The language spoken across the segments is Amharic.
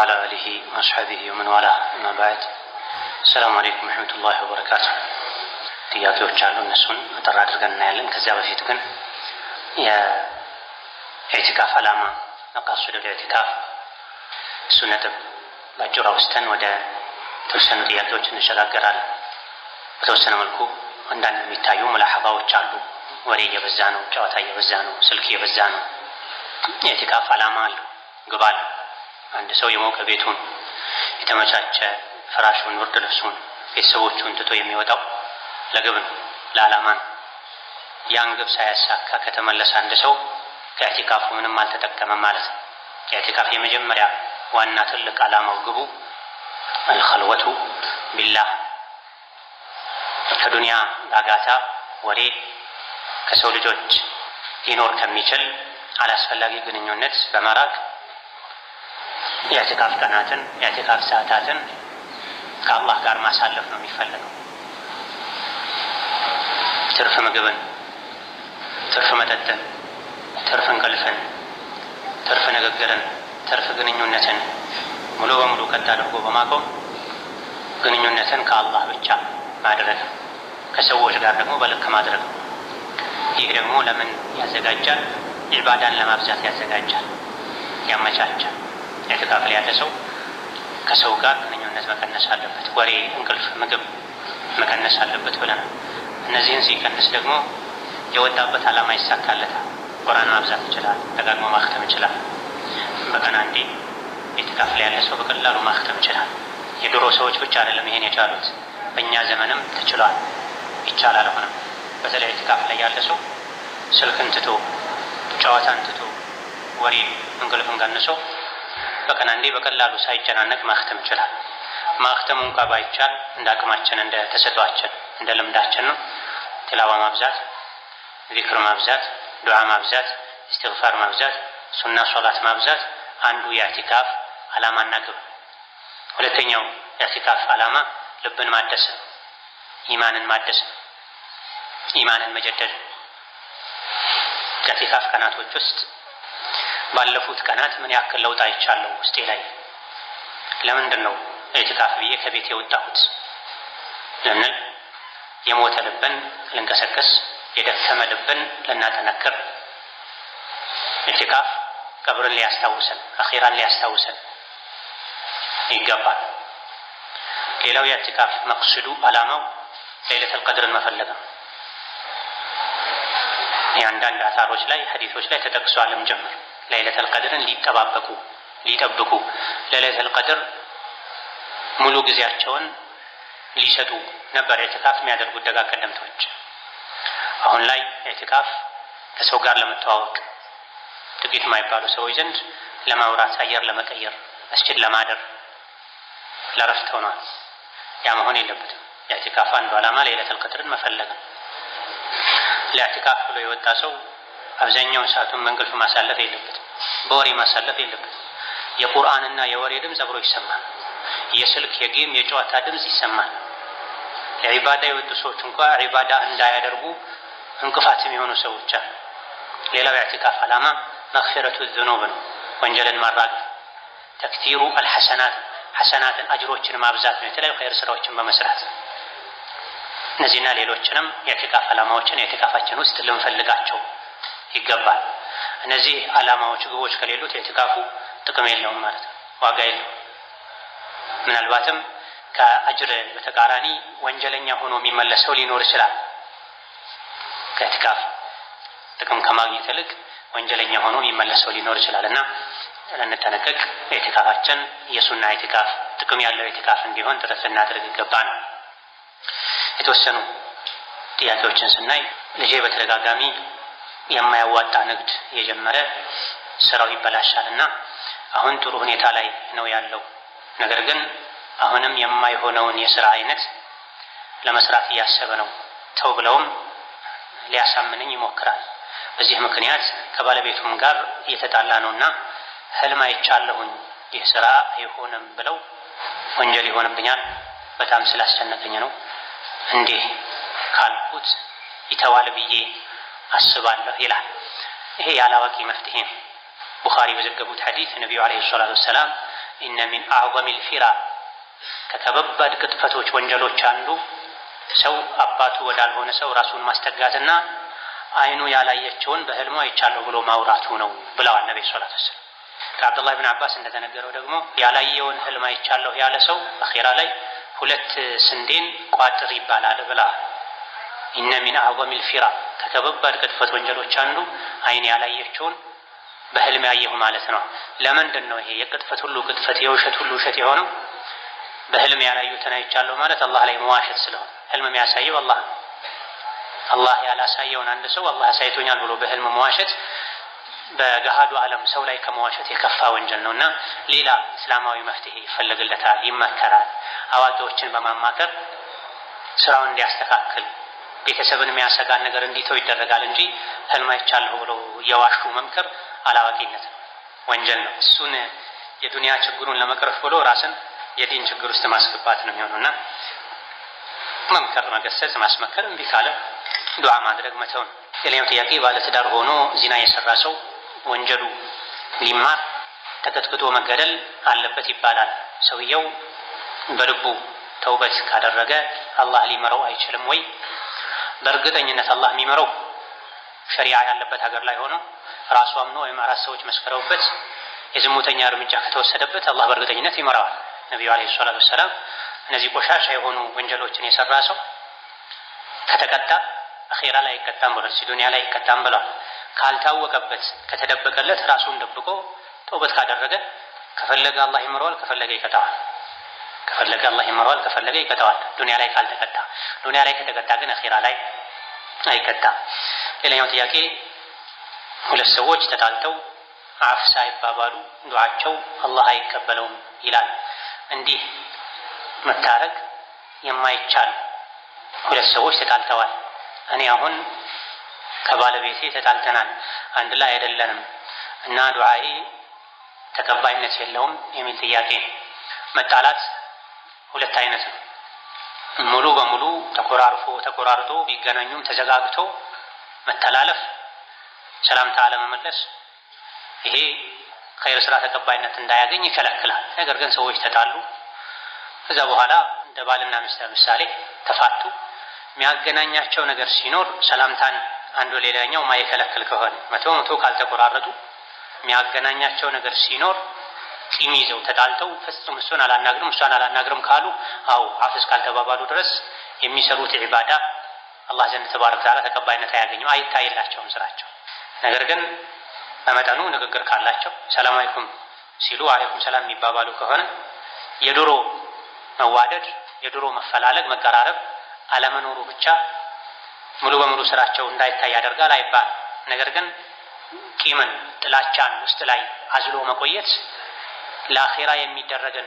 وعلى آله وأصحابه ومن والاه أما بعد السلام عليكم ورحمة الله وبركاته تياكي وشالو نسون أترادر غن نيلن كزيابة فيتكن يا اعتكاف علامة نقصد الاعتكاف سنة بجورة وستن ودى توسن تياكي وشن نشالا قرال وتوسن ملكو عندنا ميتايو ملاحظة وشالو وري يبزانو جواتا يبزانو سلكي يبزانو اعتكاف علامة قبال አንድ ሰው የሞቀ ቤቱን የተመቻቸ ፍራሹን፣ ብርድ ልብሱን፣ ቤተሰቦቹን ትቶ የሚወጣው ለግብ ነው፣ ለዓላማ ነው። ያን ግብ ሳያሳካ ከተመለሰ አንድ ሰው ከኢዕቲካፉ ምንም አልተጠቀመም ማለት ነው። ኢዕቲካፍ የመጀመሪያ ዋና ትልቅ ዓላማው ግቡ አልኸልወቱ ቢላህ ከዱንያ ጋጋታ፣ ወሬ ከሰው ልጆች ሊኖር ከሚችል አላስፈላጊ ግንኙነት በመራቅ የአዕቲካፍ ቀናትን የአዕቲካፍ ሰዓታትን ከአላህ ጋር ማሳለፍ ነው የሚፈለገው። ትርፍ ምግብን፣ ትርፍ መጠጥን፣ ትርፍ እንቅልፍን፣ ትርፍ ንግግርን፣ ትርፍ ግንኙነትን ሙሉ በሙሉ ቀጥ አድርጎ በማቆም ግንኙነትን ከአላህ ብቻ ማድረግ ከሰዎች ጋር ደግሞ በልክ ማድረግ ነው። ይህ ደግሞ ለምን ያዘጋጃል? ዒባዳን ለማብዛት ያዘጋጃል፣ ያመቻቻል። ለድጋፍ ላይ ያለ ሰው ከሰው ጋር ግንኙነት መቀነስ አለበት። ወሬ፣ እንቅልፍ፣ ምግብ መቀነስ አለበት ብለናል። እነዚህን ሲቀንስ ደግሞ የወጣበት ዓላማ ይሳካለታል። ቁርአን ማብዛት ይችላል። ደጋግሞ ማክተም ይችላል። በቀን አንዴ ኢዕቲካፍ ላይ ያለ ሰው በቀላሉ ማክተም ይችላል። የድሮ ሰዎች ብቻ አይደለም ይሄን የቻሉት፣ በእኛ ዘመንም ተችሏል፣ ይቻላል። አልሆነም። በተለይ ኢዕቲካፍ ላይ ያለ ሰው ስልክን ትቶ ጨዋታን ትቶ ወሬ እንቅልፍን ቀንሶ ከቀን አንዴ በቀላሉ ሳይጨናነቅ ማክተም ይችላል። ማክተሙ እንኳ ባይቻል እንደ አቅማችን እንደ ተሰጧችን እንደ ልምዳችን ነው ትላዋ ማብዛት፣ ዚክር ማብዛት፣ ዱዓ ማብዛት፣ እስትግፋር ማብዛት፣ ሱና ሶላት ማብዛት አንዱ የአዕቲካፍ ዓላማና ግብ። ሁለተኛው የአዕቲካፍ ዓላማ ልብን ማደስ ነው፣ ኢማንን ማደስ ኢማንን መጀደድ ነው። ቀናቶች ውስጥ ባለፉት ቀናት ምን ያክል ለውጥ አይቻለሁ ውስጤ ላይ። ለምንድን ነው ኢዕቲካፍ ብዬ ከቤት የወጣሁት ልንል የሞተ ልብን ልንቀሰቅስ፣ የደከመ ልብን ልናጠነክር። ኢዕቲካፍ ቀብርን ሊያስታውሰን አኼራን ሊያስታውሰን ይገባል። ሌላው የኢዕቲካፍ መቅስዱ አላማው ሌሊተል ቀድርን መፈለግ ነው። የአንዳንድ አታሮች ላይ ሀዲቶች ላይ ተጠቅሷልም ጀምር ለይለተል ቀድርን ሊጠባበቁ ሊጠብቁ ለለይለተል ቀድር ሙሉ ጊዜያቸውን ሊሰጡ ነበር ኢዕቲካፍ የሚያደርጉት ደጋ ቀደምቶች። አሁን ላይ ኢዕቲካፍ ከሰው ጋር ለመተዋወቅ ጥቂት የማይባሉ ሰዎች ዘንድ ለማውራት፣ አየር ለመቀየር፣ መስጂድ ለማደር፣ ለረፍት ሆኗል። ያ መሆን የለበትም። የኢዕቲካፍ አንዱ ዓላማ ለይለተል ቀድርን መፈለግ ነው። ለኢዕቲካፍ ብሎ የወጣ ሰው አብዛኛውን ሰዓቱን በእንቅልፍ ማሳለፍ የለበትም፣ በወሬ ማሳለፍ የለበትም። የቁርአንና የወሬ ድምፅ አብሮ ይሰማል። የስልክ የጌም የጨዋታ ድምፅ ይሰማል። ለዒባዳ የወጡ ሰዎች እንኳ ዒባዳ እንዳያደርጉ እንቅፋትም የሆኑ ሰዎች አሉ። ሌላው የዕቲካፍ ዓላማ መክፊረቱ ዝኑብ ነው፣ ወንጀልን ማራገፍ። ተክቲሩ አልሐሰናት ሐሰናትን አጅሮችን ማብዛት ነው፣ የተለያዩ ኸይር ስራዎችን በመስራት እነዚህና ሌሎችንም የዕቲካፍ ዓላማዎችን የዕቲካፋችን ውስጥ ልንፈልጋቸው ይገባል። እነዚህ ዓላማዎች፣ ግቦች ከሌሉት የትካፉ ጥቅም የለውም ማለት ነው፣ ዋጋ የለውም። ምናልባትም ከአጅር በተቃራኒ ወንጀለኛ ሆኖ የሚመለሰው ሊኖር ይችላል። ከትካፍ ጥቅም ከማግኘት ይልቅ ወንጀለኛ ሆኖ የሚመለሰው ሊኖር ይችላል እና ልንጠነቀቅ፣ ኢዕቲካፋችን የሱና ኢዕቲካፍ ጥቅም ያለው ኢዕቲካፍ እንዲሆን ጥረት ልናደርግ ይገባ ነው። የተወሰኑ ጥያቄዎችን ስናይ ልጄ በተደጋጋሚ የማያዋጣ ንግድ የጀመረ ስራው ይበላሻል እና አሁን ጥሩ ሁኔታ ላይ ነው ያለው። ነገር ግን አሁንም የማይሆነውን የስራ አይነት ለመስራት እያሰበ ነው። ተው ብለውም ሊያሳምንኝ ይሞክራል። በዚህ ምክንያት ከባለቤቱም ጋር እየተጣላ ነውና ህልም አይቻለሁኝ ይህ ስራ አይሆንም ብለው ወንጀል ይሆንብኛል፣ በጣም ስላስጨነቀኝ ነው እንዲህ ካልኩት ይተዋል ብዬ አስባለሁ ይላል። ይሄ ያላዋቂ መፍትሄ ነው። ቡኻሪ በዘገቡት ሐዲስ ነቢዩ ዓለይሂ ሰላቱ ወሰላም ኢነ ሚን አዕዘሚ ልፊራ ከከባድ ቅጥፈቶች ወንጀሎች አንዱ ሰው አባቱ ወዳልሆነ ሰው ራሱን ማስተጋትና አይኑ ያላየችውን በህልሙ አይቻለሁ ብሎ ማውራቱ ነው ብለዋል ነቢ ሰላት ወሰላም። ከአብዱላህ ብን አባስ እንደተነገረው ደግሞ ያላየውን ህልም አይቻለሁ ያለ ሰው አኼራ ላይ ሁለት ስንዴን ቋጥር ይባላል ብላ ኢነ ሚን አዕዘሚ ልፊራ ከከባድ ቅጥፈት ወንጀሎች አንዱ አይን ያላየችውን በህልም ያየሁ ማለት ነው። ለምንድን ነው ይሄ የቅጥፈት ሁሉ ቅጥፈት የውሸት ሁሉ ውሸት የሆነው? በህልም ያላዩትን አይቻለሁ ማለት አላህ ላይ መዋሸት ስለሆነ ህልም የሚያሳየው አላህ ነው። አላህ ያላሳየውን አንድ ሰው አላህ አሳይቶኛል ብሎ በህልም መዋሸት በገሃዱ ዓለም ሰው ላይ ከመዋሸት የከፋ ወንጀል ነው እና ሌላ እስላማዊ መፍትሄ ይፈለግለታል፣ ይመከራል። አዋቂዎችን በማማከር ስራውን እንዲያስተካክል ቤተሰብን የሚያሰጋን ነገር እንዲተው ይደረጋል እንጂ ህልም አይቻለሁ የዋሹ መምከር አላዋቂነት ነው፣ ወንጀል ነው። እሱን የዱንያ ችግሩን ለመቅረፍ ብሎ ራስን የዲን ችግር ውስጥ ማስገባት ነው የሚሆኑና መምከር፣ መገሰጽ፣ ማስመከር እምቢ ካለ ዱዓ ማድረግ መተው ነው። ሌላኛው ጥያቄ ባለትዳር ሆኖ ዚና የሰራ ሰው ወንጀሉ ሊማር ተቀጥቅጦ መገደል አለበት ይባላል። ሰውየው በልቡ ተውበት ካደረገ አላህ ሊመረው አይችልም ወይ? በእርግጠኝነት አላህ የሚመረው ሸሪዓ ያለበት ሀገር ላይ ሆኖ ራሱ አምኖ ወይም አራት ሰዎች መስከረውበት የዝሙተኛ እርምጃ ከተወሰደበት አላህ በእርግጠኝነት ይመራዋል። ነቢዩ ዓለይሂ ሰላቱ ወሰላም እነዚህ ቆሻሻ የሆኑ ወንጀሎችን የሰራ ሰው ከተቀጣ አኼራ ላይ አይቀጣም ብሏል፣ ሲዱንያ ላይ አይቀጣም ብሏል። ካልታወቀበት ከተደበቀለት ራሱን ደብቆ ተውበት ካደረገ ከፈለገ አላህ ይምረዋል፣ ከፈለገ ይቀጣዋል። ከፈለገ አላህ ይመረዋል፣ ከፈለገ ይቀጣዋል። ዱንያ ላይ ካልተቀጣ፣ ዱንያ ላይ ከተቀጣ ግን አኺራ ላይ አይቀጣም። ሌላኛው ጥያቄ ሁለት ሰዎች ተጣልተው አፍ ሳይባባሉ ዱዓቸው አላህ አይቀበለውም ይላል። እንዲህ መታረግ የማይቻል ሁለት ሰዎች ተጣልተዋል። እኔ አሁን ከባለቤቴ ተጣልተናል፣ አንድ ላይ አይደለንም እና ዱዓዬ ተቀባይነት የለውም የሚል ጥያቄ መጣላት ሁለት አይነት ነው። ሙሉ በሙሉ ተቆራርፎ ተቆራርጦ ቢገናኙም ተዘጋግቶ መተላለፍ፣ ሰላምታ አለመመለስ፣ ይሄ ከይር ስራ ተቀባይነት እንዳያገኝ ይከለክላል። ነገር ግን ሰዎች ተጣሉ፣ ከዛ በኋላ እንደ ባልና ሚስት ምሳሌ ተፋቱ፣ የሚያገናኛቸው ነገር ሲኖር ሰላምታን አንዱ ሌላኛው ማይከለክል ከሆነ መቶ መቶ ካልተቆራረጡ የሚያገናኛቸው ነገር ሲኖር ቂም ይዘው ተጣልተው ፍጹም እሱን አላናግርም እሷን አላናግርም ካሉ አው አፍስ ካልተባባሉ ድረስ የሚሰሩት ዒባዳ አላህ ዘንድ ተባረክ ተዓላ ተቀባይነት አያገኝም፣ አይታይላቸውም ስራቸው። ነገር ግን በመጠኑ ንግግር ካላቸው ሰላም አለይኩም ሲሉ አለይኩም ሰላም የሚባባሉ ከሆነ የድሮ መዋደድ፣ የድሮ መፈላለግ፣ መቀራረብ አለመኖሩ ብቻ ሙሉ በሙሉ ስራቸው እንዳይታይ ያደርጋል አይባል። ነገር ግን ቂምን፣ ጥላቻን ውስጥ ላይ አዝሎ መቆየት ለአኼራ የሚደረግን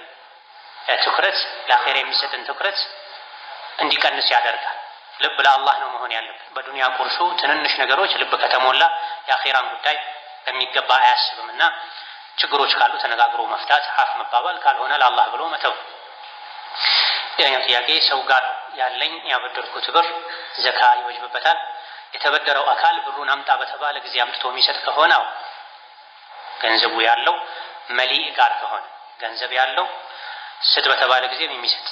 ትኩረት ለአኼራ የሚሰጥን ትኩረት እንዲቀንስ ያደርጋል። ልብ ለአላህ ነው መሆን ያለበት። በዱንያ ቁርሱ ትንንሽ ነገሮች ልብ ከተሞላ የአኼራን ጉዳይ በሚገባ አያስብም እና ችግሮች ካሉ ተነጋግሮ መፍታት፣ አፍ መባባል፣ ካልሆነ ለአላህ ብሎ መተው። ሌላኛው ጥያቄ ሰው ጋር ያለኝ ያበደርኩት ብር ዘካ ይወጅብበታል? የተበደረው አካል ብሩን አምጣ በተባለ ጊዜ አምጥቶ የሚሰጥ ከሆነ ገንዘቡ ያለው መሊእ ጋር ከሆነ ገንዘብ ያለው ስጥ በተባለ ጊዜም የሚሰጥ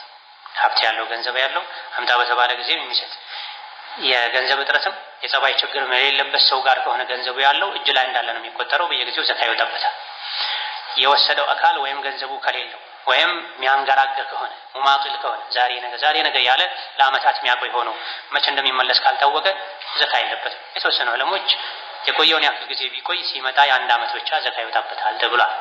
ሀብት ያለው ገንዘብ ያለው አምጣ በተባለ ጊዜም የሚሰጥ የገንዘብ እጥረትም የጸባይ ችግር የሌለበት ሰው ጋር ከሆነ ገንዘቡ ያለው እጅ ላይ እንዳለ ነው የሚቆጠረው። በየጊዜው ዘካ ይወጣበታል። የወሰደው አካል ወይም ገንዘቡ ከሌለው ወይም የሚያንገራገር ከሆነ ሙማጥል ከሆነ ዛሬ ነገ ዛሬ ነገ ያለ ለአመታት የሚያቆይ ሆኖ መቼ እንደሚመለስ ካልታወቀ ዘካ የለበትም። የተወሰኑ ዕለሞች የቆየውን ያክል ጊዜ ቢቆይ ሲመጣ የአንድ አመት ብቻ ዘካ ይወጣበታል ተብሏል።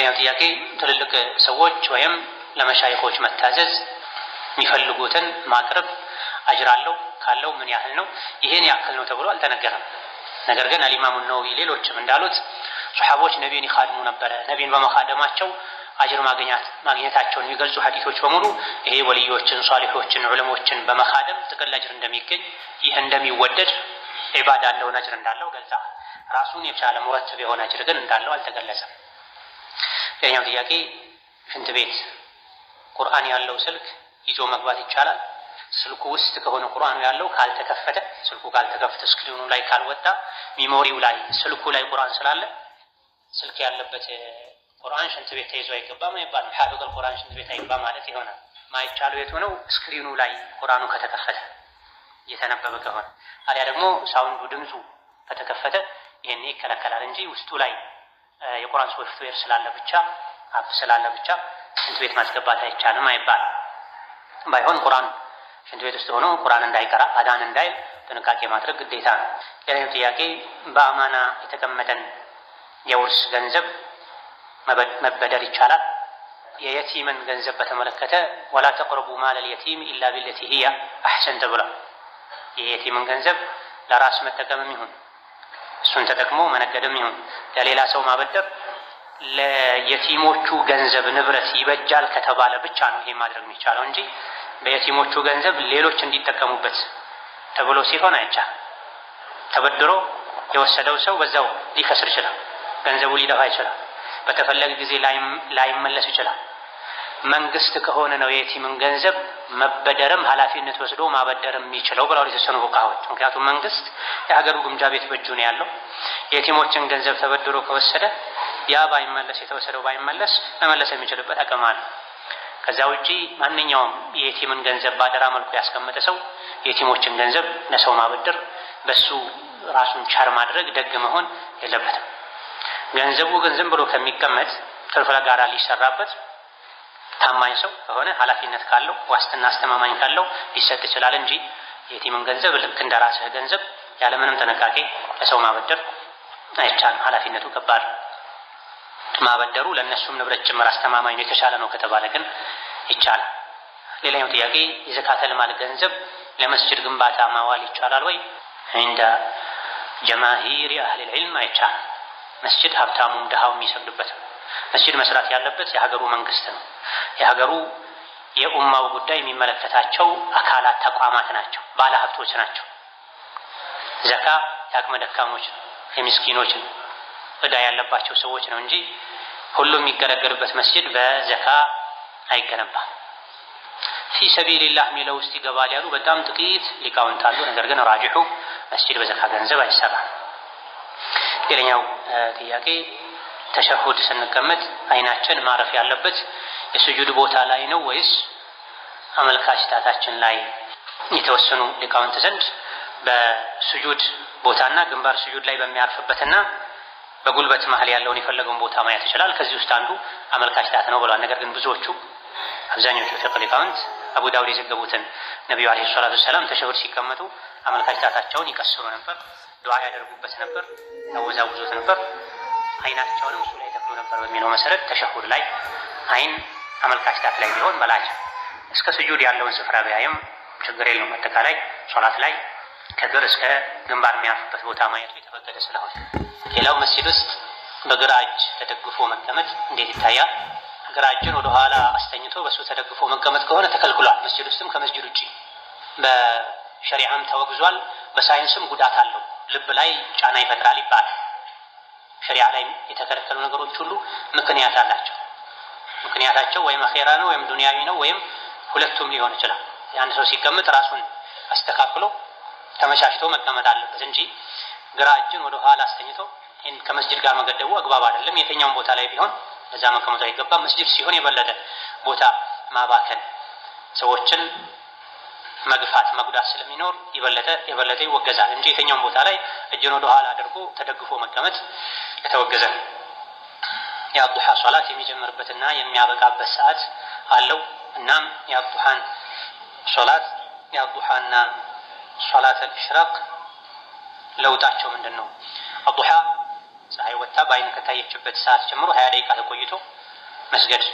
ሌላው ጥያቄ ትልልቅ ሰዎች ወይም ለመሻይኮች መታዘዝ የሚፈልጉትን ማቅረብ አጅራለሁ ካለው ምን ያህል ነው? ይህን ያክል ነው ተብሎ አልተነገረም። ነገር ግን አልኢማሙ ነወዊ ሌሎችም እንዳሉት ሶሓቦች ነቢን ይካድሙ ነበረ። ነቢን በመካደማቸው አጅር ማግኘታቸውን የሚገልጹ ሀዲቶች በሙሉ ይሄ ወልዮችን፣ ሷሊሖችን፣ ዑለሞችን በመካደም ጥቅል አጅር እንደሚገኝ ይህ እንደሚወደድ ዒባዳ አለውን አጅር እንዳለው ገልጸዋል። ራሱን የቻለ ሙረትብ የሆነ አጅር ግን እንዳለው አልተገለጸም። ሌላኛው ጥያቄ ሽንት ቤት ቁርአን ያለው ስልክ ይዞ መግባት ይቻላል? ስልኩ ውስጥ ከሆነ ቁርአኑ ያለው ካልተከፈተ ስልኩ ካልተከፈተ ስክሪኑ ላይ ካልወጣ ሚሞሪው ላይ ስልኩ ላይ ቁርአን ስላለ ስልክ ያለበት ቁርአን ሽንት ቤት ተይዞ አይገባም አይባልም። ሐፊቀል ቁርአን ሽንት ቤት አይገባ ማለት ይሆናል። ማይቻለው የት ሆነው ስክሪኑ ላይ ቁርአኑ ከተከፈተ እየተነበበ ከሆነ አሊያ ደግሞ ሳውንዱ ድምፁ ከተከፈተ ይሄን ይከለከላል እንጂ ውስጡ ላይ የቁራን ሶፍትዌር ስላለ ብቻ አፕ ስላለ ብቻ ሽንት ቤት ማስገባት አይቻልም አይባል። ባይሆን ቁራን ሽንት ቤት ውስጥ ሆኖ ቁራን እንዳይቀራ አዳን እንዳይል ጥንቃቄ ማድረግ ግዴታ ነው። ሌላኛው ጥያቄ በአማና የተቀመጠን የውርስ ገንዘብ መበደር ይቻላል? የየቲምን ገንዘብ በተመለከተ ወላ ተቅርቡ ማለል የቲም ኢላ ቢለቲ ሂያ አሕሰን ተብሏል። የየቲምን ገንዘብ ለራስ መጠቀምም ይሁን እሱን ተጠቅሞ መነገድም ይሁን ለሌላ ሰው ማበደር ለየቲሞቹ ገንዘብ ንብረት ይበጃል ከተባለ ብቻ ነው ይሄ ማድረግ የሚቻለው እንጂ በየቲሞቹ ገንዘብ ሌሎች እንዲጠቀሙበት ተብሎ ሲሆን አይቻልም። ተበድሮ የወሰደው ሰው በዛው ሊከስር ይችላል። ገንዘቡ ሊደፋ ይችላል። በተፈለገ ጊዜ ላይመለስ ይችላል። መንግስት ከሆነ ነው የቲምን ገንዘብ መበደርም ኃላፊነት ወስዶ ማበደር የሚችለው ብለው የተሰኑ ፉቃዎች። ምክንያቱም መንግስት የሀገሩ ግምጃ ቤት በእጁ ነው ያለው። የቲሞችን ገንዘብ ተበድሮ ከወሰደ ያ ባይመለስ የተወሰደው ባይመለስ መመለስ የሚችልበት አቅም አለ። ከዛ ውጪ ማንኛውም የቲምን ገንዘብ ባደራ መልኩ ያስቀመጠ ሰው የቲሞችን ገንዘብ ለሰው ማበደር በሱ ራሱን ቻር ማድረግ ደግ መሆን የለበትም። ገንዘቡ ግን ዝም ብሎ ከሚቀመጥ ትርፍ ለጋራ ሊሰራበት ታማኝ ሰው ከሆነ ኃላፊነት ካለው ዋስትና አስተማማኝ ካለው ሊሰጥ ይችላል እንጂ የቲምን ገንዘብ ልክ እንደ ራስህ ገንዘብ ያለምንም ጥንቃቄ ለሰው ማበደር አይቻልም። ኃላፊነቱ ከባድ። ማበደሩ ለእነሱም ንብረት ጭምር አስተማማኝ ነው የተሻለ ነው ከተባለ ግን ይቻላል። ሌላኛው ጥያቄ የዘካተ ልማል ገንዘብ ለመስጅድ ግንባታ ማዋል ይቻላል ወይ? እንደ ጀማሂር የአህል ልዕልም አይቻልም። መስጅድ ሀብታሙም ድሃው ነው። መስጅድ መስራት ያለበት የሀገሩ መንግስት ነው። የሀገሩ የኡማው ጉዳይ የሚመለከታቸው አካላት ተቋማት ናቸው፣ ባለ ሀብቶች ናቸው። ዘካ የአቅመ ደካሞች ነው፣ የሚስኪኖች ነው፣ እዳ ያለባቸው ሰዎች ነው እንጂ ሁሉም የሚገለገልበት መስጂድ በዘካ አይገነባም። ፊ ሰቢልላህ የሚለው ውስጥ ይገባል ያሉ በጣም ጥቂት ሊቃውንት አሉ። ነገር ግን ራጅሑ መስጅድ በዘካ ገንዘብ አይሰራም። ሌላኛው ጥያቄ ተሸሁድ ስንቀመጥ አይናችን ማረፍ ያለበት የስጁድ ቦታ ላይ ነው ወይስ አመልካች ጣታችን ላይ? የተወሰኑ ሊቃውንት ዘንድ በስጁድ ቦታና ግንባር ስጁድ ላይ በሚያርፍበትና በጉልበት መሀል ያለውን የፈለገውን ቦታ ማየት ይችላል። ከዚህ ውስጥ አንዱ አመልካች ጣት ነው ብሏል። ነገር ግን ብዙዎቹ አብዛኞቹ ፊቅህ ሊቃውንት አቡ ዳውድ የዘገቡትን ነቢዩ ዓለይሂ ሰላቱ ወሰላም ተሸሁድ ሲቀመጡ አመልካች ጣታቸውን ይቀስሩ ነበር፣ ዱዓ ያደርጉበት ነበር፣ ያወዛውዙት ነበር። አይናቸውንም እሱ ላይ ተክሎ ነበር በሚለው መሰረት ተሸሁድ ላይ አይን አመልካች ጣት ላይ ቢሆን በላቸው። እስከ ስጁድ ያለውን ስፍራ ቢያይም ችግር የለውም። አጠቃላይ ሶላት ላይ ከግር እስከ ግንባር የሚያርፍበት ቦታ ማየቱ የተፈቀደ ስለሆነ፣ ሌላው መስጂድ ውስጥ በግራ እጅ ተደግፎ መቀመጥ እንዴት ይታያል? ግራ እጅን ወደኋላ አስተኝቶ በእሱ ተደግፎ መቀመጥ ከሆነ ተከልክሏል። መስጂድ ውስጥም ከመስጂድ ውጭ በሸሪዓም ተወግዟል። በሳይንስም ጉዳት አለው። ልብ ላይ ጫና ይፈጥራል ይባላል። ሸሪያ ላይ የተከለከሉ ነገሮች ሁሉ ምክንያት አላቸው። ምክንያታቸው ወይም አኼራ ነው ወይም ዱንያዊ ነው ወይም ሁለቱም ሊሆን ይችላል። የአንድ ሰው ሲቀመጥ ራሱን አስተካክሎ ተመቻችቶ መቀመጥ አለበት እንጂ ግራ እጅን ወደ ኋላ አስተኝቶ ይህን ከመስጅድ ጋር መገደቡ አግባብ አይደለም። የትኛውም ቦታ ላይ ቢሆን እዛ መቀመጡ አይገባም። መስጅድ ሲሆን የበለጠ ቦታ ማባከን ሰዎችን መግፋት መጉዳት ስለሚኖር የበለጠ የበለጠ ይወገዛል እንጂ የትኛውም ቦታ ላይ እጅን ወደ ኋላ አድርጎ ተደግፎ መቀመጥ የተወገዘ ነው። የአዱሓ ሶላት የሚጀምርበትና የሚያበቃበት ሰዓት አለው። እናም የአዱሓን ሶላት የአዱሓና ሶላት አልእሽራቅ ለውጣቸው ምንድን ነው? አዱሓ ፀሐይ ወጥታ በአይን ከታየችበት ሰዓት ጀምሮ ሀያ ደቂቃ ተቆይቶ መስገድ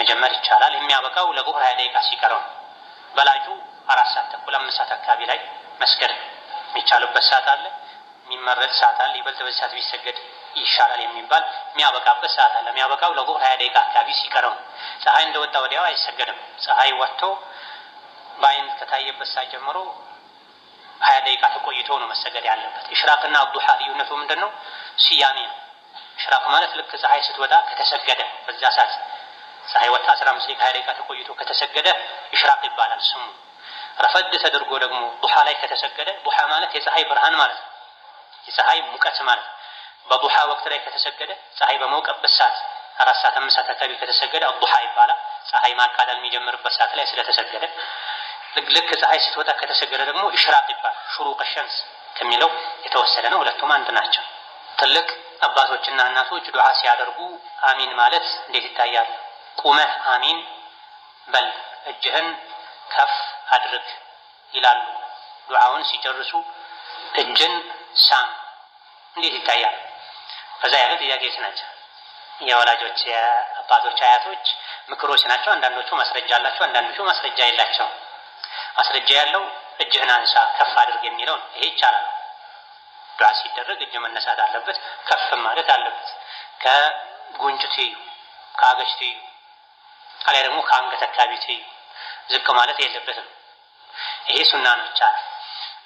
መጀመር ይቻላል። የሚያበቃው ለዙህር ሀያ ደቂቃ ሲቀረው ነው። አካባቢ ላይ መስገድ የሚቻልበት ሰዓት አለ፣ የሚመረጥ ሰዓት አለ። ይበልጥ በዚህ ሰዓት ቢሰገድ ይሻላል የሚባል የሚያበቃበት ሰዓት አለ። የሚያበቃው ለዙሁር ሀያ ደቂቃ አካባቢ ሲቀረው ነው። ፀሐይ እንደወጣ ወዲያው አይሰገድም። ፀሐይ ወጥቶ በአይን ከታየበት ሰዓት ጀምሮ ሀያ ደቂቃ ተቆይቶ ነው መሰገድ ያለበት። እሽራቅና ዱሓ ልዩነቱ ምንድን ነው? ስያሜ ነው። እሽራቅ ማለት ልክ ፀሐይ ስትወጣ ከተሰገደ በዛ ሰዓት ፀሐይ ወጥታ አስራ አምስት ደቂቃ ሀያ ደቂቃ ተቆይቶ ከተሰገደ እሽራቅ ይባላል ስሙ ረፈድ ተደርጎ ደግሞ ዱሓ ላይ ከተሰገደ ዱሓ ማለት የፀሐይ ብርሃን ማለት ነው። የፀሐይ ሙቀት ማለት ነው። በዱሓ ወቅት ላይ ከተሰገደ ፀሐይ በመውቀበት ሰዓት አራት ሰዓት አምስት ሰዓት አካባቢ ከተሰገደ አዱሓ ይባላል። ፀሐይ ማቃጠል የሚጀምርበት ሰዓት ላይ ስለተሰገደ ልክ ፀሐይ ስትወጣ ከተሰገደ ደግሞ እሽራቅ ይባላል። ሹሩቅ ሸምስ ከሚለው የተወሰደ ነው። ሁለቱም አንድ ናቸው። ትልቅ አባቶችና እናቶች ዱዓ ሲያደርጉ አሚን ማለት እንዴት ይታያል? ቁመህ አሚን በል እጅህን ከፍ አድርግ ይላሉ። ዱዓውን ሲጨርሱ እጅን ሳም እንዴት ይታያል? በዛ ያለ ጥያቄዎች ናቸው። የወላጆች የአባቶች አያቶች ምክሮች ናቸው። አንዳንዶቹ ማስረጃ አላቸው፣ አንዳንዶቹ ማስረጃ የላቸው። ማስረጃ ያለው እጅህን አንሳ ከፍ አድርግ የሚለው ይሄ ይቻላል። ዱዓ ሲደረግ እጅ መነሳት አለበት፣ ከፍ ማለት አለበት። ከጉንጭ ትይዩ፣ ከአገጭ ትይዩ፣ ከላይ ደግሞ ከአንገት አካባቢ ትይዩ ዝቅ ማለት የለበትም። ይሄ ሱና ነው ይቻላል።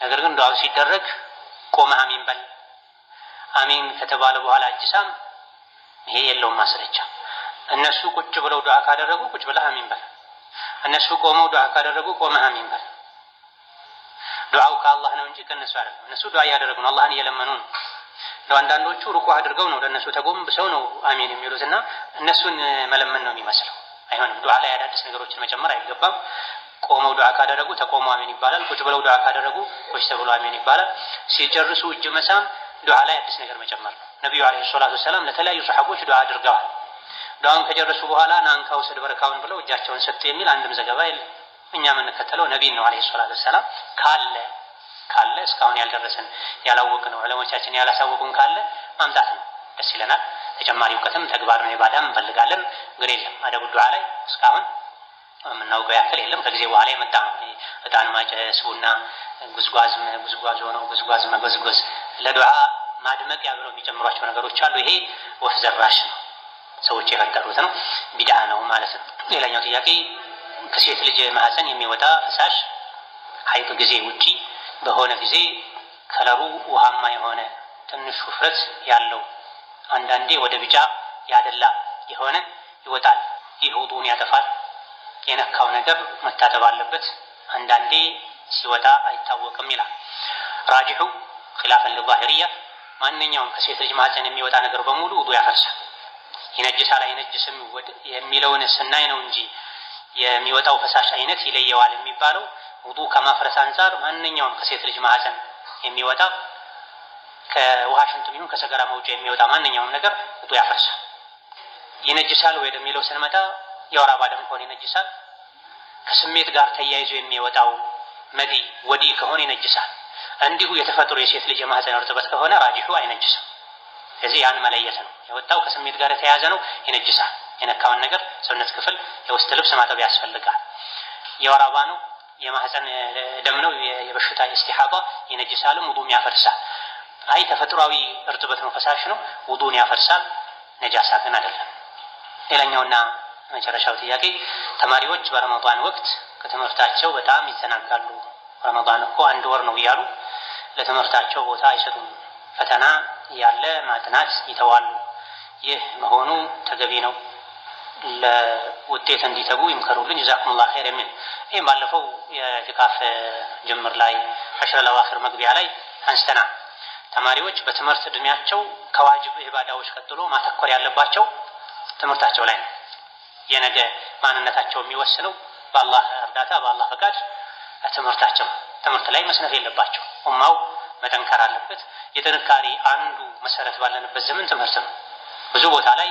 ነገር ግን ዱዓ ሲደረግ ቆመ አሚን በል። አሚን ከተባለ በኋላ እጅሳም ይሄ የለውም ማስረጃ። እነሱ ቁጭ ብለው ዱዓ ካደረጉ ቁጭ ብለህ አሚን በል። እነሱ ቆመው ዱዓ ካደረጉ ቆመ አሚን በል። ዱዓው ከአላህ ነው እንጂ ከእነሱ አይደለም። እነሱ ዱዓ እያደረጉ ነው፣ አላህን እየለመኑ ነው። አንዳንዶቹ ሩቁ አድርገው ነው ለእነሱ ተጎንብሰው ነው አሚን የሚሉት እና እነሱን መለመን ነው የሚመስለው። አይሆንም። ዱዓ ላይ አዳዲስ ነገሮችን መጨመር አይገባም። ቆመው ዱዓ ካደረጉ ተቆሙ አሜን ይባላል። ቁጭ ብለው ዱዓ ካደረጉ ቁጭ ተብሎ አሜን ይባላል። ሲጨርሱ እጅ መሳም ዱዓ ላይ አዲስ ነገር መጨመር ነው። ነቢዩ ዓለይሂ ሰላቱ ወሰላም ለተለያዩ ሰሓቦች ዱዓ አድርገዋል። ዱዓውን ከጨረሱ በኋላ ናንካ ውሰድ በረካውን ብለው እጃቸውን ሰጡ የሚል አንድም ዘገባ የለም። እኛ የምንከተለው ነቢን ነው ዓለይሂ ሰላቱ ወሰላም። ካለ ካለ እስካሁን ያልደረሰን ያላወቅ ነው ዕለሞቻችን ያላሳወቁን ካለ ማምጣት ነው፣ ደስ ይለናል። ተጨማሪ እውቀትም ተግባር ነው ባዳም እንፈልጋለን፣ ግን የለም አደቡ ዱዓ ላይ እስካሁን የምናውቀው ያክል የለም። ከጊዜ በኋላ የመጣ ነው። እጣን ማጨስ፣ ቡና ጉዝጓዝ ጉዝጓዝ ሆነው ጉዝጓዝ መጎዝጎዝ፣ ለዱዓ ማድመቅ ያብለው የሚጨምሯቸው ነገሮች አሉ። ይሄ ወፍ ዘራሽ ነው፣ ሰዎች የፈጠሩት ነው፣ ቢዳ ነው ማለት ነው። ሌላኛው ጥያቄ ከሴት ልጅ ማህፀን የሚወጣ ፈሳሽ ሀይቅ ጊዜ ውጪ በሆነ ጊዜ ከለሩ ውሃማ የሆነ ትንሽ ውፍረት ያለው አንዳንዴ ወደ ቢጫ ያደላ የሆነ ይወጣል። ይህ ውጡን ያጠፋል የነካው ነገር መታጠብ አለበት። አንዳንዴ ሲወጣ አይታወቅም ይላል። ራጅሑ ኪላፈን ልባህርያ ማንኛውም ከሴት ልጅ ማህፀን የሚወጣ ነገር በሙሉ ውዱ ያፈርሳል። ይነጅሳል አይነጅስም የሚለውን ስናይ ነው እንጂ የሚወጣው ፈሳሽ አይነት ይለየዋል የሚባለው ውዱ ከማፍረስ አንጻር ማንኛውም ከሴት ልጅ ማህፀን የሚወጣ ከውሃ ሽንት ይሁን ከሰገራ መውጫ የሚወጣ ማንኛውም ነገር ውዱ ያፈርሳል። ይነጅሳል ወይ ወደሚለው ስንመጣ የወር አበባ ደም ከሆነ ይነጅሳል። ከስሜት ጋር ተያይዞ የሚወጣው መዲ ወዲ ከሆነ ይነጅሳል። እንዲሁ የተፈጥሮ የሴት ልጅ የማህፀን እርጥበት ከሆነ ራጅሑ አይነጅስም። ስለዚህ ያን መለየት ነው። የወጣው ከስሜት ጋር የተያያዘ ነው፣ ይነጅሳል። የነካውን ነገር ሰውነት ክፍል የውስጥ ልብስ ማጠብ ያስፈልጋል። የወር አበባ ነው፣ የማህፀን ደም ነው፣ የበሽታ ኢስቲሓባ ይነጅሳልም፣ ውዱም ያፈርሳል። አይ ተፈጥሯዊ እርጥበት ነው፣ ፈሳሽ ነው፣ ውዱን ያፈርሳል፣ ነጃሳ ግን አይደለም። ሌላኛውና መጨረሻው ጥያቄ ተማሪዎች በረመዷን ወቅት ከትምህርታቸው በጣም ይዘናጋሉ። ረመዷን እኮ አንድ ወር ነው እያሉ ለትምህርታቸው ቦታ አይሰጡም። ፈተና ያለ ማጥናት ይተዋሉ። ይህ መሆኑ ተገቢ ነው? ለውጤት እንዲተጉ ይምከሩልን። ጀዛኩሙላህ ኸይር የሚል ይህም ባለፈው የኢዕቲካፍ ጅምር ላይ አሽረ ለዋኺር መግቢያ ላይ አንስተና ተማሪዎች በትምህርት እድሜያቸው ከዋጅብ ኢባዳዎች ቀጥሎ ማተኮር ያለባቸው ትምህርታቸው ላይ ነው። የነገ ማንነታቸው የሚወስነው በአላህ እርዳታ በአላህ ፈቃድ ትምህርታቸው ትምህርት ላይ መስነፍ የለባቸው። ኡማው መጠንከር አለበት። የጥንካሬ አንዱ መሰረት ባለንበት ዘመን ትምህርት ነው። ብዙ ቦታ ላይ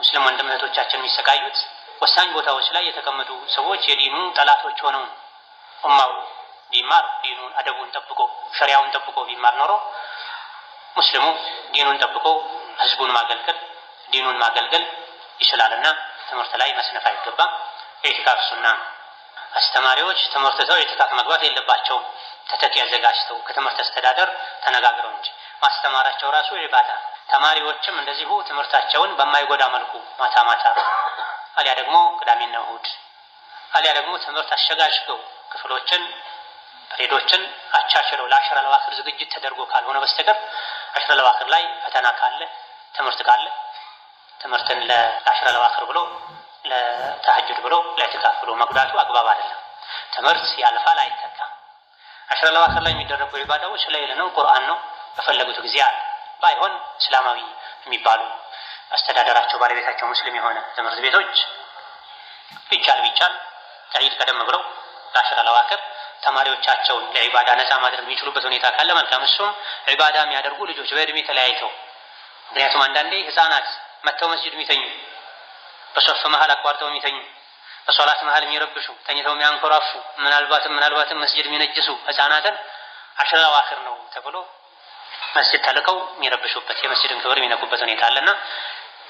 ሙስሊም ወንድም እህቶቻችን የሚሰቃዩት ወሳኝ ቦታዎች ላይ የተቀመጡ ሰዎች የዲኑ ጠላቶች ሆነው ኡማው ቢማር ዲኑን አደቡን ጠብቆ ሸሪያውን ጠብቆ ቢማር ኖሮ ሙስሊሙ ዲኑን ጠብቆ ህዝቡን ማገልገል ዲኑን ማገልገል ይችላልና ትምህርት ላይ መስነፍ አይገባም። የኢትካፍ ሱና አስተማሪዎች ትምህርት ተው ኢትካፍ መግባት የለባቸውም። ተተኪ ያዘጋጅተው ከትምህርት አስተዳደር ተነጋግረው እንጂ ማስተማራቸው ራሱ ኢባዳ። ተማሪዎችም እንደዚሁ ትምህርታቸውን በማይጎዳ መልኩ ማታ ማታ አሊያ ደግሞ ቅዳሜና እሁድ አሊያ ደግሞ ትምህርት አሸጋሽገው ክፍሎችን ሬዶችን አቻችለው ለአሽራ ለዋክር ዝግጅት ተደርጎ ካልሆነ በስተቀር አሽራ ለዋክር ላይ ፈተና ካለ ትምህርት ካለ ትምህርትን ለአሽረ ለዋክር ብሎ ለተሀጅድ ብሎ ለኢዕቲካፍ ብሎ መጉዳቱ አግባብ አይደለም። ትምህርት ያልፋል፣ አይተካም። አሽረ ለዋክር ላይ የሚደረጉ ዒባዳዎች ለይል ነው፣ ቁርአን ነው፣ በፈለጉት ጊዜ አለ። ባይሆን እስላማዊ የሚባሉ አስተዳደራቸው ባለቤታቸው ሙስሊም የሆነ ትምህርት ቤቶች ቢቻል ቢቻል ከዒድ ቀደም ብለው ለአሽረ ለዋክር ተማሪዎቻቸውን ለዒባዳ ነፃ ማድረግ የሚችሉበት ሁኔታ ካለ መልካም። እሱም ዒባዳ የሚያደርጉ ልጆች በእድሜ ተለያይተው ምክንያቱም አንዳንዴ ህፃናት መጥተው መስጅድ የሚተኙ በሶፍ መሀል አቋርጠው የሚተኙ በሶላት መሀል የሚረብሹ ተኝተው የሚያንኮራፉ ምናልባትም ምናልባትም መስጅድ የሚነጅሱ ህፃናትን አሽራ አዋክር ነው ተብሎ መስጅድ ተልቀው የሚረብሹበት የመስጅድን ክብር የሚነኩበት ሁኔታ አለና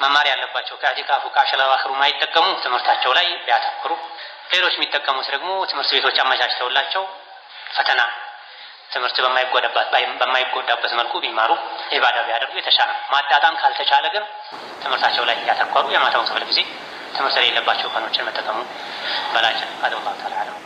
መማር ያለባቸው ከአዕቲካፉ ከአሽራ አዋክሩ ማይጠቀሙ ትምህርታቸው ላይ ቢያተኩሩ፣ ሌሎች የሚጠቀሙት ደግሞ ትምህርት ቤቶች አመቻችተውላቸው ፈተና ትምህርት በማይጎዳበት መልኩ ቢማሩ ኢባዳ ቢያደርጉ የተሻለ ነው። ማጣጣም ካልተቻለ ግን ትምህርታቸው ላይ ያተኮሩ የማታውን ክፍል ጊዜ ትምህርት ላይ የሌለባቸው ቀኖችን መጠቀሙ በላጭን አላሁ አለም